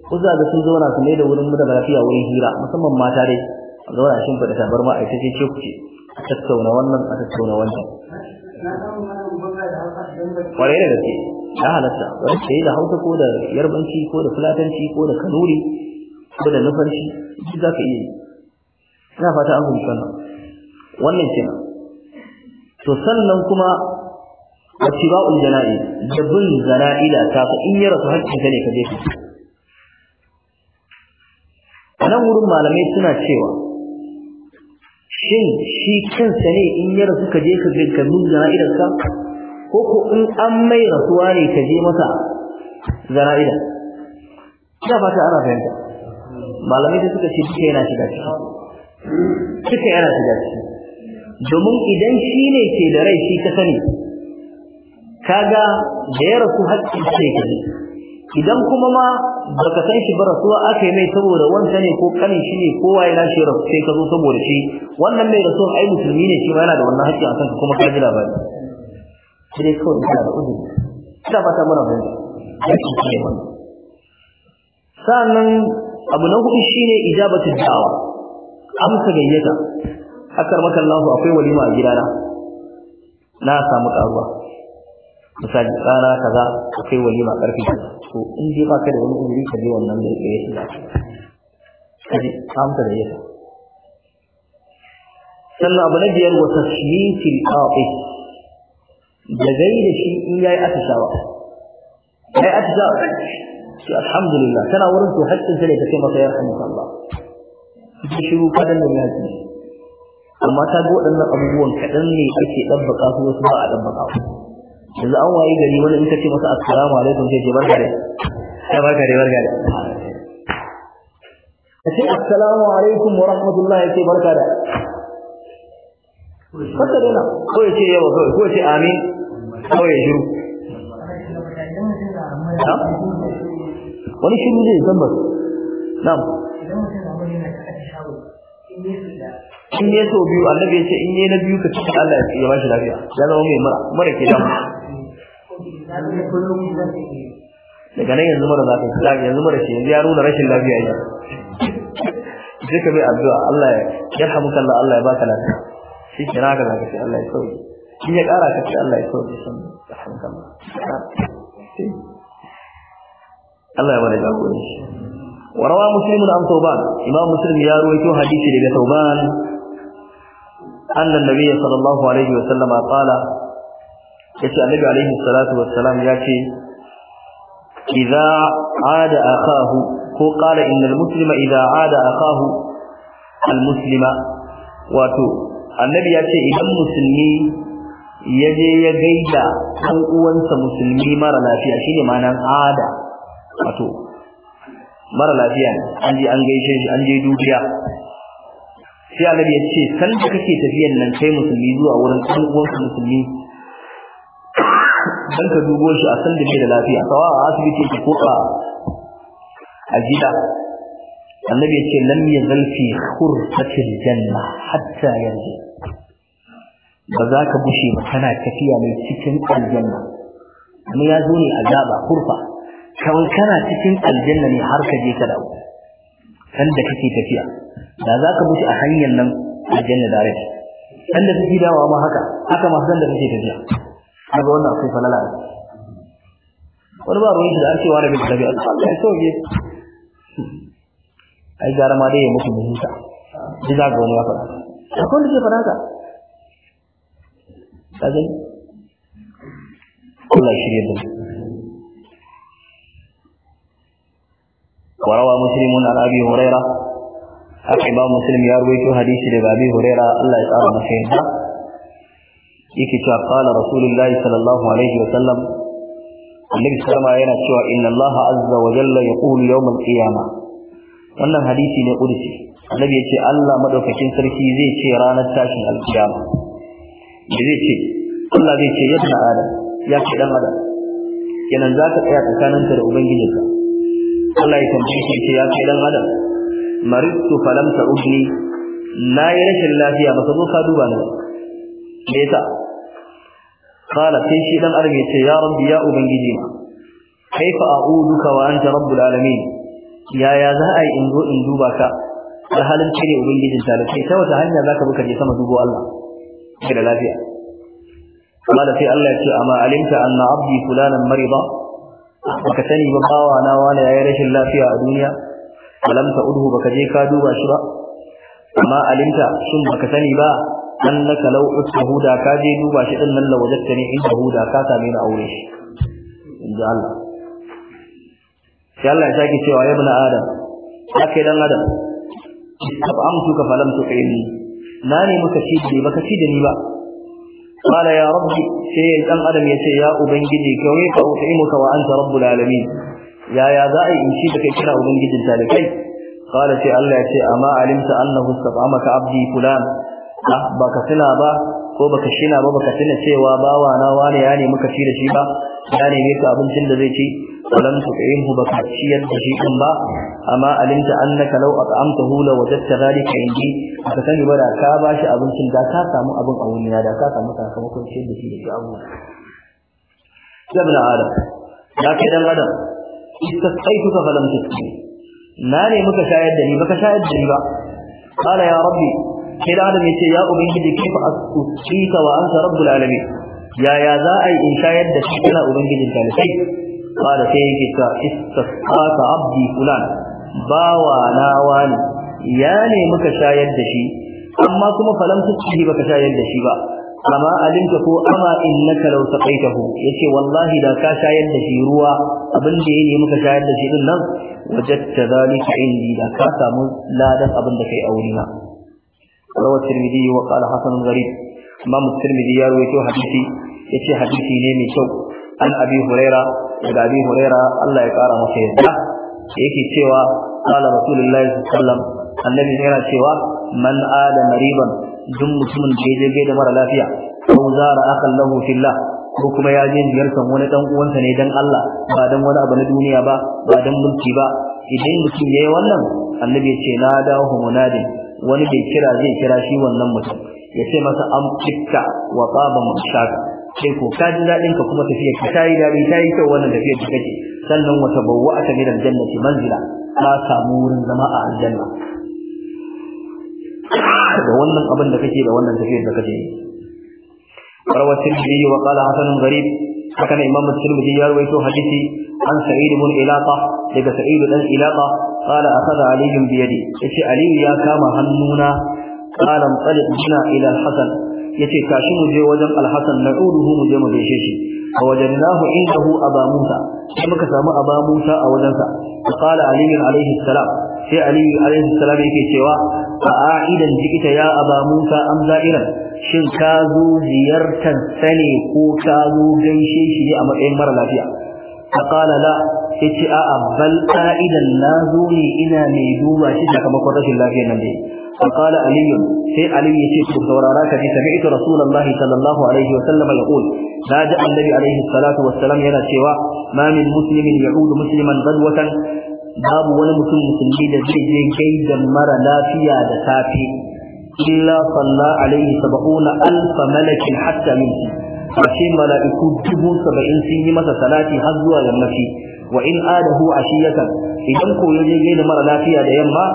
ko za ga sun zauna su mai da wurin mu da lafiya wurin hira musamman mata dai a zauna shin ba da tabar ma a tace ce kuce a tattauna wannan a tattauna wannan kwarai da gaske ya halatta wani yi da hausa ko da yarbanci ko da fulatanci ko da kanuri ko da nufarci duk za ka iya yi ina fata an sannan. wannan kenan to sannan kuma a wattiba'ul jana'i da bin zana'ila ta fa in ya rasu hakkin ka ne ka je ka a nan wurin malamai suna cewa shin shi kansa ne in ya rasu ka je ka ga gamin zana'ilar ka ko ko in an mai rasuwa ne ka je masa zana'ila ina fata ana fahimta malamai da suka ce duka yana shiga ciki duka yana shiga ciki domin idan shi ne ke da rai shi ta sani kaga da ya rasu haƙƙin sai ka idan kuma ma baka san shi ba rasuwa aka yi mai saboda wanda ne ko kanin shi ne kowa ya lashe rasu sai ka zo saboda shi wannan mai rasuwa ai musulmi ne shi ma yana da wannan haƙƙi a kanka kuma ka ji labari sai dai kawai kana da uzuri ina fata mana bayani haƙƙi ne wannan sa'annan abu na hudu shine ijabatu da'awa amsa gayyata akar maka Allah akwai walima a gidana na samu karuwa misali kana kaza akwai walima karfi to in ji baka da wani uzuri ka je wannan da yake yi kaji amsa gayyata sannan abu na biyar wa tasmitil qati da gaida shi in yayi atishawa yayi atishawa alhamdulillah kana wurin to hakkin sai ka ce masa ya rahmatullah da shiru kadan da ya amma ta ga waɗannan abubuwan kaɗan ne ake ɗabbaka su wasu ba a ɗabbaka su yanzu an waye gari wani in ka ce masa assalamu alaikum sai ce barka da ya barka da barka da ka ce assalamu alaikum wa rahmatullah ya ce barka da Fata dana, ko ya ce yawa kawai, ko ya ce amin, kawai ya shiru. Wani shiru zai zamba. Na'am. in ne so biyu annabi ya ce in ne na biyu ka cika Allah ya ba shi lafiya ya zama mai mara mara ke damu daga nan yanzu mara za ka ta yanzu mara ce yanzu ya nuna rashin lafiya ya sai ka bi addu'a Allah ya yarhamuka Allah Allah ya baka lafiya shi ke na ka zaka ce Allah ya sauke in ya kara ka ce Allah ya sauke shi. yarhamuka Allah Allah ya bada jagoranci وروى مسلم عن ثوبان إمام مسلم يروي حديث ta'uban. anna nabiy sallallahu alaihi wasallam qala yace annabi alaihi salatu wassalam yace idza ada akahu ko qala innal muslima idza ada akahu al muslima wato annabi yace idan musulmi yaje ya gaida ɗan uwansa musulmi mara lafiya shine ma'anar ada wato mara lafiya an je an an je sai annabi ya ce san da kake tafiyan nan kai musulmi zuwa wurin ɗan uwanka musulmi dan ka dubo shi a san da bai da lafiya sawa a asibiti ko a a gida annabi ya ce lam yazal fi khurfatil janna hatta yanzu. ba za ka bushe ba kana tafiya mai cikin aljanna kuma ya zo ne a gaba kurfa kawai kana cikin aljanna ne har ka je ka dawo Sanda da kake tafiya da za ka mutu a hanyar nan aljanna da rai san da kake dawo ma haka haka ma san da kake tafiya kaga wannan akwai falala wani ba ruwan da ake wani bin tabi'a Allah ya sauke ai gara ma dai ya mutu mun ta ji za ga wani ya faɗa akwai wanda ke faɗa ka kaga Allah shirye da mu وروى مسلم عن أبي هريرة أكبا مسلم يروي حديث أبي هريرة الله يتعالى مسيحنا يكتب قال رسول الله صلى الله عليه وسلم النبي صلى الله عليه وسلم إن الله عز وجل يقول يوم القيامة wannan hadisi ne kudusi annabi yace Allah madaukakin sarki zai ce ranar tashin alkiyama zai ce Allah zai ce yadda adam ya ce dan adam kenan tsaya da ubangijinka Allah ya tambaye shi ya kai dan adam maritu falam ta'udni na yi rashin lafiya ba sabo ka duba ni me yasa qala sai shi dan adam ya ce ya rabbi ya ubangiji ma kaifa a'uduka wa anta rabbul alamin yaya za a yi in zo in duba ka da halin cire ubangijin talakai ta wata hanya za ka buka je sama dubo Allah da lafiya qala sai Allah ya ce amma alimta anna abdi fulanan marida baka sani ba bawa na wani yayi rashin lafiya a duniya alam ta udhu baka je ka duba shi ba amma alinta shin baka sani ba annaka law utahu da ka je duba shi din nan lawajatta ne inda huda ka same ni aure shi inda Allah sai Allah ya saki cewa ya bani adam ake dan adam amsu ka falam tuqini na ne muka ci ba ka ci da ni ba qala ya rabbi sai dan adam ya ce ya ubangiji kawai ka utaimuka wa anta rabbul alamin yaya za a yi in ci da kai kira ubangijin talibai qala sai Allah ya ce amma alimta annahu istafamaka abdi fulan ah baka tuna ba ko baka shina ba baka tuna cewa bawa na wani ya nemi ka da shi ba ya nemi ka abincin da zai ci ولم تطعمه بكرشيا شيئا با أما علمت أنك لو أطعمته لوجدت ذلك عندي فكان بدا كاباش أبن سندا كاسام أبن أولينا دا كاسام سakamakon ciyar da shi da abubuwa jabna adam ya kai dan adam istasaituka falam tusti na ne muka shayar da ni baka shayar da ni ba qala ya rabbi sai adam yace ya ubangiji kifa asqika wa anta rabbul alamin ya ya za a yi in shayar ubangijin qala sai yake cewa istasqata abdi fulan bawa na wani ya ne muka shayar da shi amma kuma falam tusbihi baka shayar da shi ba amma alimta ko ama innaka law saqaitahu yace wallahi da ka shayar da shi ruwa abin da yake muka shayar da shi din nan wajadta zalika indi da ka samu ladan abin da kai aurina rawa tirmidhi wa qala hasan gharib imam tirmidhi ya rawaito hadisi yace hadisi ne mai kyau an abi huraira daga abi huraira Allah ya kara masa yadda yake cewa qala rasulullahi sallallahu alaihi annabi yana cewa man ada mariban duk mutumin da ya je da mara lafiya ko zara akan lahu fillah ko kuma ya je ziyartar wani dan uwansa ne dan Allah ba dan wani abu na duniya ba ba dan mulki ba idan mutum yayi wannan annabi ya ce na dawo munadin wani bai kira zai kira shi wannan mutum ya ce masa an fitta wa tsaba mashaka kai ko ka ji daɗin ka kuma tafiya ka tayi dare tayi kyau wannan tafiya da kake sannan wata bawwa aka min aljannati manzila ka samu wurin zama a aljanna da wannan abin da kake da wannan tafiyar da kake rawat tirmidhi wa qala hasan gharib haka ne imam tirmidhi ya rawaito hadisi an sa'id ibn ilaqa daga sa'id dan ilaqa qala akhadha ali bi yadi yace ali ya kama hannuna qala mutaliq bina ila hasan yace tashi mu je wajen alhasan na uruhu mu je mu gaishe shi fa wajadnahu indahu aba musa sai muka samu aba musa a wajensa qala ali alaihi salam sai ali alaihi salam yake cewa a aidan jikita ya aba musa am za'iran shin ka zo ziyartar sani ko ka zo gaishe shi a matsayin mara lafiya faqala la yace a'a bal qa'idan na zo ne ina mai duba shi da sakamakon rashin lafiya nan dai فقال علي سي علي يشيك سورارا كذي سمعت رسول الله صلى الله عليه وسلم يقول لا جاء النبي عليه الصلاة والسلام يلا سوى ما من مسلم يعود مسلما غدوة باب ولا مسلم مسلمين زي زي جيدا مرة لا فيا دسافي إلا صلى عليه سبعون ألف ملك حتى منه فشي ملائكو جبو سبعين سنة مسا صلاتي هزوا يمشي wa in adahu ashiyatan idan ko ya je gaida mara lafiya da yamma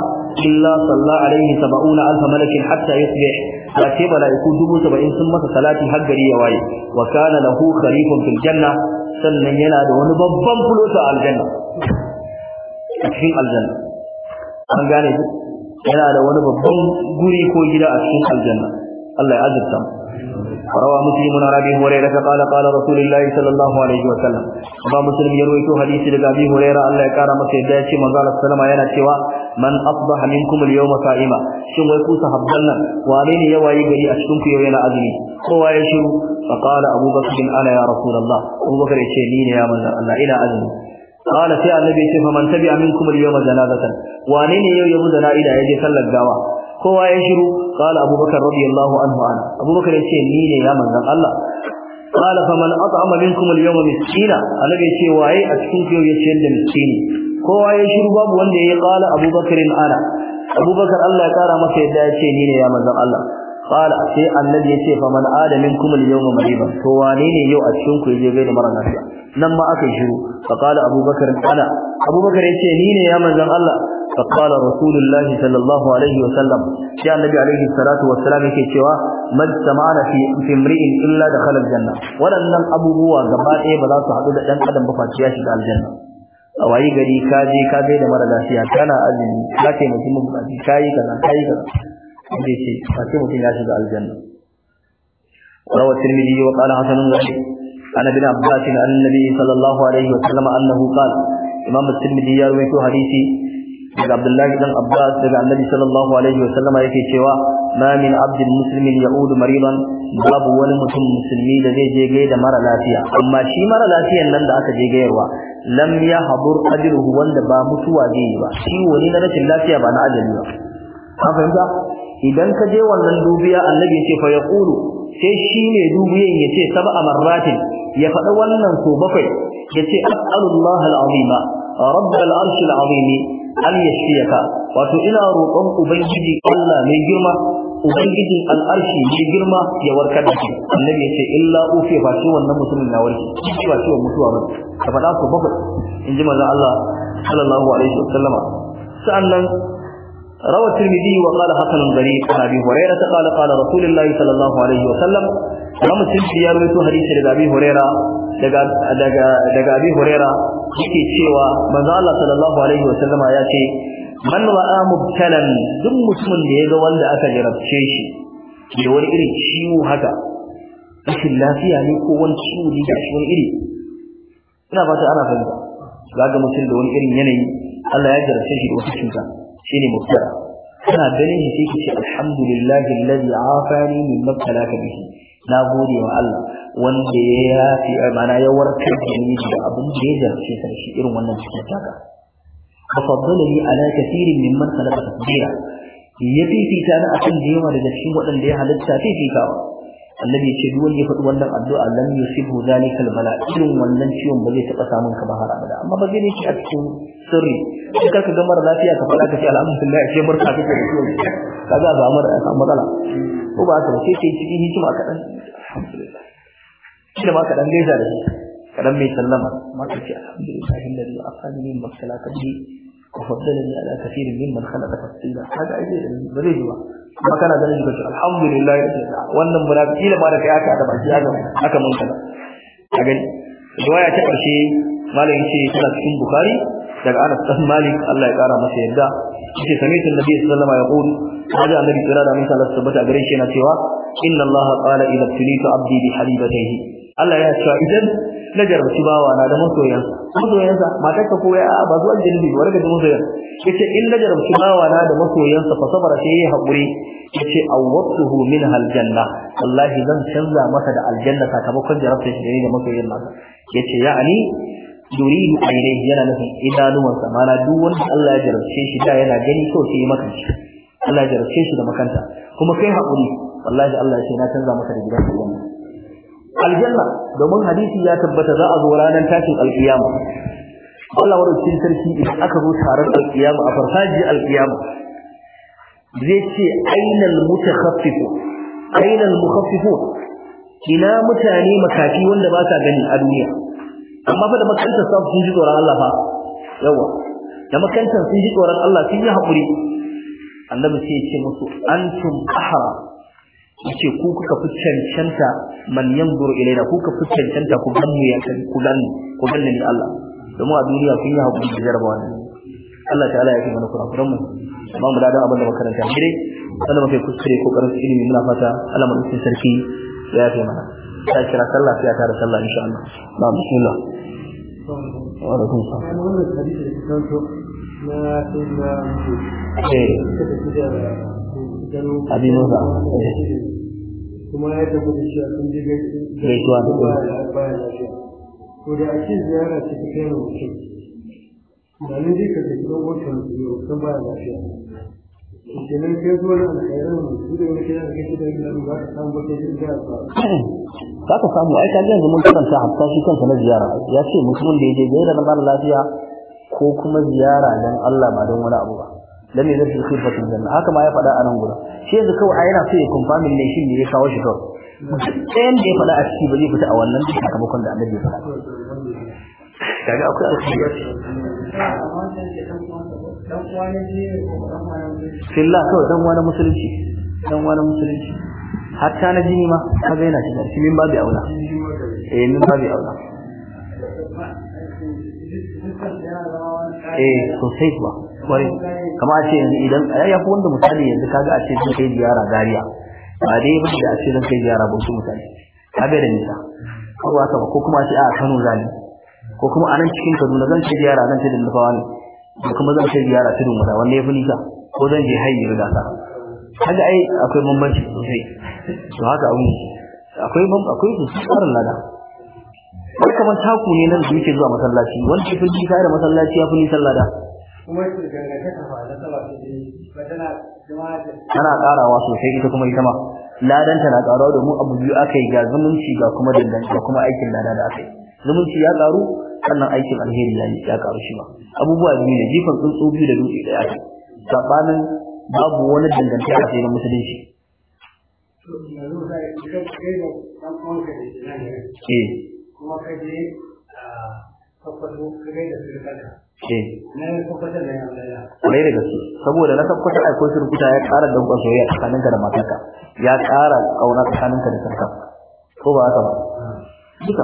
illa salla alaihi sab'una alf malakin hatta yusbih wa ce malaiku dubu saba'in sun masa salati har gari ya waye wa kana lahu kharifun fil janna sannan yana da wani babban fulota aljanna cikin aljanna an gane duk yana da wani babban guri ko gida a cikin aljanna Allah ya azurta mu روى مسلم عن ابي هريره قال قال رسول الله صلى الله عليه وسلم وما مسلم يروي حديث ابي هريره الله يكرمه masa yadda ya ce manzo Allah yana cewa man asbaha minkum al-yawma sa'ima shin wai ku sahabban nan wane ne ya wayi gari a cikin ku yau yana azumi kowa ya shiru fa qala Abu Bakr bin ana ya Rasulullah Abu ya ce ni ne ya manzo Allah ina azumi sai wane ne yau ya mu jana'iza ya je sallar gawa kowa ya shiru qala abubakar radiyallahu anhu an abubakar yace ni ne ya manzon Allah qala faman at'ama minkum al-yawma miskina annabi yace waye a cikin ku yace yanda miskini kowa ya shiru babu wanda yayi qala abubakar ana abubakar Allah ya kara masa yadda yace ni ne ya manzon Allah qala sai annabi yace fa man adamin kum al yawma mariba to wane ne yau a cikin ku yaje gaida mara nan ma aka shiru fa abubakar ana abubakar yace ni ne ya manzon Allah fa qala sallallahu alaihi wasallam sai annabi alaihi salatu wassalam yake cewa man samana fi fi illa da al janna wadannan abubuwa gaba ɗaya ba za su haɗu da ɗan adam ba face shiga aljanna a wayi gari ka je da mara lafiya kana azumi ka taimaki mabukaci ka kaza yi kaza inda yake face mutum ya shiga aljanna rawa tirmidhi wa qala hasanun sahih an ibn abbas an nabi sallallahu alaihi wa sallam annahu qala imam at-tirmidhi ya rawaito hadisi daga abdullahi dan abbas daga annabi sallallahu alaihi wa sallam yake cewa ma min abdin muslimin ya'udu maridan babu wani mutum musulmi da zai je gaida mara lafiya amma shi mara lafiyan nan da aka je gayarwa lam yahdur ajruhu wanda ba mutuwa zai yi ba ciwo ne na rashin lafiya ba na ajali ba an fahimta idan ka je wannan dubiya annabi ya ce fa yaqulu sai shine dubiyan ya ce sab'a marratin ya faɗa wannan so bakwai ya ce as'alullahi al'azima rabbal arshil azimi an yashfiyaka wato ina roƙon ubangiji Allah mai girma ubangijin al'arshi mai girma ya warkar da shi annabi ya ce illa ufi ba shi wannan mutumin na warke shi ba ciwon mutuwa ba ka faɗa so bakwai in ji manzon Allah sallallahu alaihi wasallama sa'annan روى الترمذي وقال حسن غريب عن ابي هريره قال قال رسول الله صلى الله عليه وسلم لما تلقي يا حديث daga abi huraira daga daga daga abi huraira cewa manzo Allah sallallahu alaihi wasallama ya ce man ra'a mubtalan duk mutumin da yaga wanda aka jarabce shi irin ciwo ne ko wani ciwo ne da shi wani iri ina fata ana fahimta ga da wani irin yanayi Allah ya jarabce shi da wata cuta shine mubtada kana ganin shi kike ce alhamdulillahi alladhi afani min mabtalaka bihi na gode wa Allah wanda ya yafi amana ya warkar da ni da abin da ya jarce shi irin wannan cikin taka fafaddalani ala kathirin mimman khalaqa tadbira ya fifita akan da yawa daga cikin waɗanda ya halitta fifitawa annabi ya ce duk wanda ya faɗi wannan addu'a lam yusibu zalika albala irin wannan ciwon ba zai taɓa samun ka ba har abada amma ba zai ci a cikin sirri in ka ga mara lafiya ka faɗa ka ce alhamdulillah ce barka kake da ciwon ka ga ba mara ka matsala ko ba ka ce kai cikin hikima kaɗan alhamdulillah kila ma kaɗan gaisa da shi kaɗan mai sallama ma ka ce alhamdulillah inda da afani min maksala ka ji ka da ni ala kafirin min man khalaqa tafsila kaga ai ba zai yi ba kuma kana ganin shi kace alhamdulillah wannan munafiki da ma da kai aka da baki aka aka mun kana a gani riwaya ta karshe malamin ce tana cikin bukhari daga Anas dan Malik Allah ya kara masa yadda yake sami'tu Nabi sallallahu alaihi wasallam yaqul haja Annabi kira da mun sallallahu tabbata gare shi yana cewa inna Allah qala ila tilita abdi bi halibatayhi Allah ya cewa idan na jarabci bawa na da masoyan masoyansa matar ka ko ya ba zuwa jinni wani daga masoyan yace in na jarabci bawa na da masoyansa fa sabara sai ya hakuri yace awwatuhu min aljanna wallahi zan canza masa da aljanna sakamakon jarabta shi da masoyan nasa yace ya'ani yuridu ainihi yana nufin idanuwansa mana duk wanda Allah ya jarabce shi da yana gani ko sai makanci Allah ya jarabce shi da makanta kuma kai haƙuri wallahi Allah ya ce na canza maka da gidan aljanna aljanna domin hadisi ya tabbata za a zo ranar tashin alkiyama Allah wa rubutun sarki idan aka zo taron alkiyama a farfaji alkiyama zai ce aina almutakhaffifu aina almukhaffifu ina mutane makafi wanda ba sa gani a duniya amma fa da makantar sa sun ji tsoron Allah fa yawa da makantar sun ji tsoron Allah sun yi hakuri. annabi sai ya ce musu antum ahra yace ku kuka fi cancanta man yanzuru ilaina ku kuka fi cancanta ku ban ya kan ku dan ku dan ni Allah domin a duniya sun yi hakuri da jarabawa ne Allah ta'ala ya fi mana kuran mu amma mu da abin da makaranta dai sannan mafi kuskure ko karancin ilimi muna fata Allah mu sarki ya fi mana ta kira sallah sai ta da sallah insha Allah na bismillah wa alaikum salam da na eh. eh. sun je gaisuwa da lafiya to da ake ziyara cikin mutum da ne dai ka baya lafiya kenan kai na su da wani kira da da ba ka samu ba kai da ba za ka samu ai kan yanzu mun karanta hatta shi kansa na ziyara ya ce mutumin da je gaira na mara lafiya ko kuma ziyara dan Allah ba don wani abu ba dan ne zai fi fatin janna haka ma ya faɗa a nan gurin shi yanzu kawai ai yana so ya confirm ne shi ne ya kawo shi kawai ɗayan da ya faɗa a ciki ba zai fita a wannan sakamakon da annabi ya faɗa kaga akwai alkhairi Filla wani dan wani fillah kawai dan wani musulunci dan wani musulunci hatta na jini ma kaga yana shiga shi min babu aula eh min babu aula eh sosai kuwa kware kama a ce yanzu idan ya fi wanda misali yanzu kaga a ce zan kai ziyara gariya ba dai ba da a ce zan kai ziyara bautu mutane kaga da nisa ko ba ko kuma a ce a Kano zani ko kuma a nan cikin Kaduna zan kai ziyara zan ta da nufawa ne da kuma zan kai ziyara tudun wada wanne ya fi nisa ko zan je hayi da gasa kaga ai akwai bambanci sosai to haka abun akwai bam akwai su tsarin lada Wai kamar taku ne nan da yake zuwa masallaci wanda ke fi nisa da masallaci ya fi lada kuma shi ta fa na sallah eh, ba jama'a tana karawa sosai ita kuma ita ma ladanta na karawa domin abu biyu aka yi ga zumunci ga kuma dangantaka kuma aikin lada da aka yi zumunci ya karu sannan aikin alheri ya ya karu shi ba abubuwa biyu ne jifan tsuntsu biyu da dutse daya ce sabanin babu wani dangantaka sai na musulunci eh, eh. kuma kaje eh. da gaske saboda na tabbatar a kokin kuta ya ƙara dankon soyayya tsakaninka da matarka ya ƙara ƙauna tsakaninka da sarka ko ba haka ba ah. duka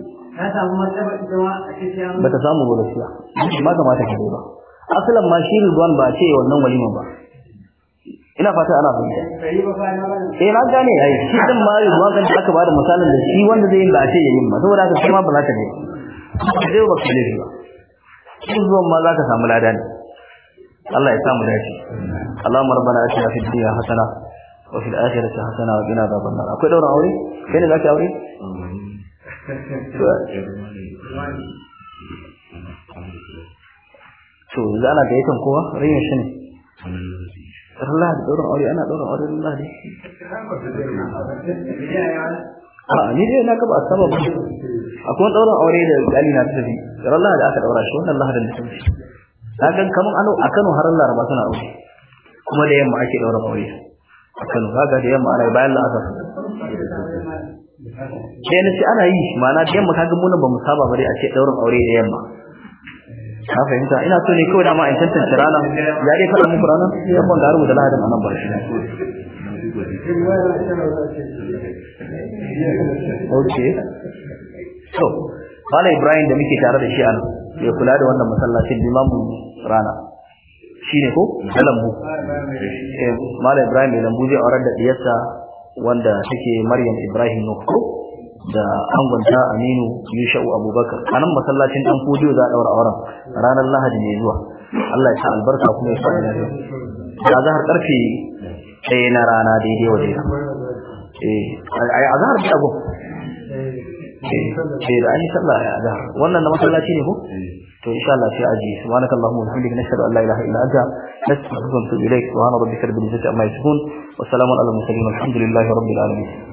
ka samu martaba bata samu ba gaskiya ba kamata ka ba asalan ma shi Ridwan ba ce wannan walima ba ina fata ana fahimta eh na gane ai shi din ma Ridwan kan aka bada misalin da shi wanda zai yin ba ce yayin ba saboda haka kuma ba za ta je zai ba kalle ba zuwan ma za ka samu lada ne Allah ya samu dace Allahumma rabbana atina fid dunya hasana wa fil akhirati hasana wa qina adhaban nar akwai daura aure kai ne zaki aure to yanzu ana gayyatan kowa rayin shi ne Allah da ɗaurin aure ana ɗaurin aure Allah ne a ni dai na gaba a saba ba akwai wani ɗaurin aure da gali na tafi Allah da aka ɗaura shi wannan Allah da mutum shi na gan kamar ano a Kano har Allah ba suna aure kuma da yamma ake ɗaurin aure a Kano kaga da yamma ana bayan la'asar sai na ce ana yi ma'ana da yamma kaga munan ba mu saba bare a ce daurin aure da yamma ka fahimta ina so ne kawai da ma in tantance rana ya dai faɗa muku rana ya ban garu da lahadin anan barshi okay so Mala Ibrahim da muke tare da shi a ya kula da wannan masallacin limamu rana shi ne ko da lambu eh, Mala Ibrahim da lambu zai aurar da diyarsa wanda take Maryam Ibrahim Nuhu da angonta Aminu Yusha'u Abubakar a nan masallacin ɗan Fodiyo za a daura auren ranar Lahadi mai zuwa Allah ya sa albarka kuma ya sa lafiya da zahar ƙarfe ɗaya na rana daidai wa daidai eh a zahar da abu خير إيه، ان شاء الله يا ده وانا ما صليت له تو ان شاء الله في اجي سبحانك اللهم وبحمدك نشهد ان لا اله الا انت نستغفرك ونتوب اليك سبحان ربك رب العزه عما يصفون والسلام على المرسلين والحمد لله رب العالمين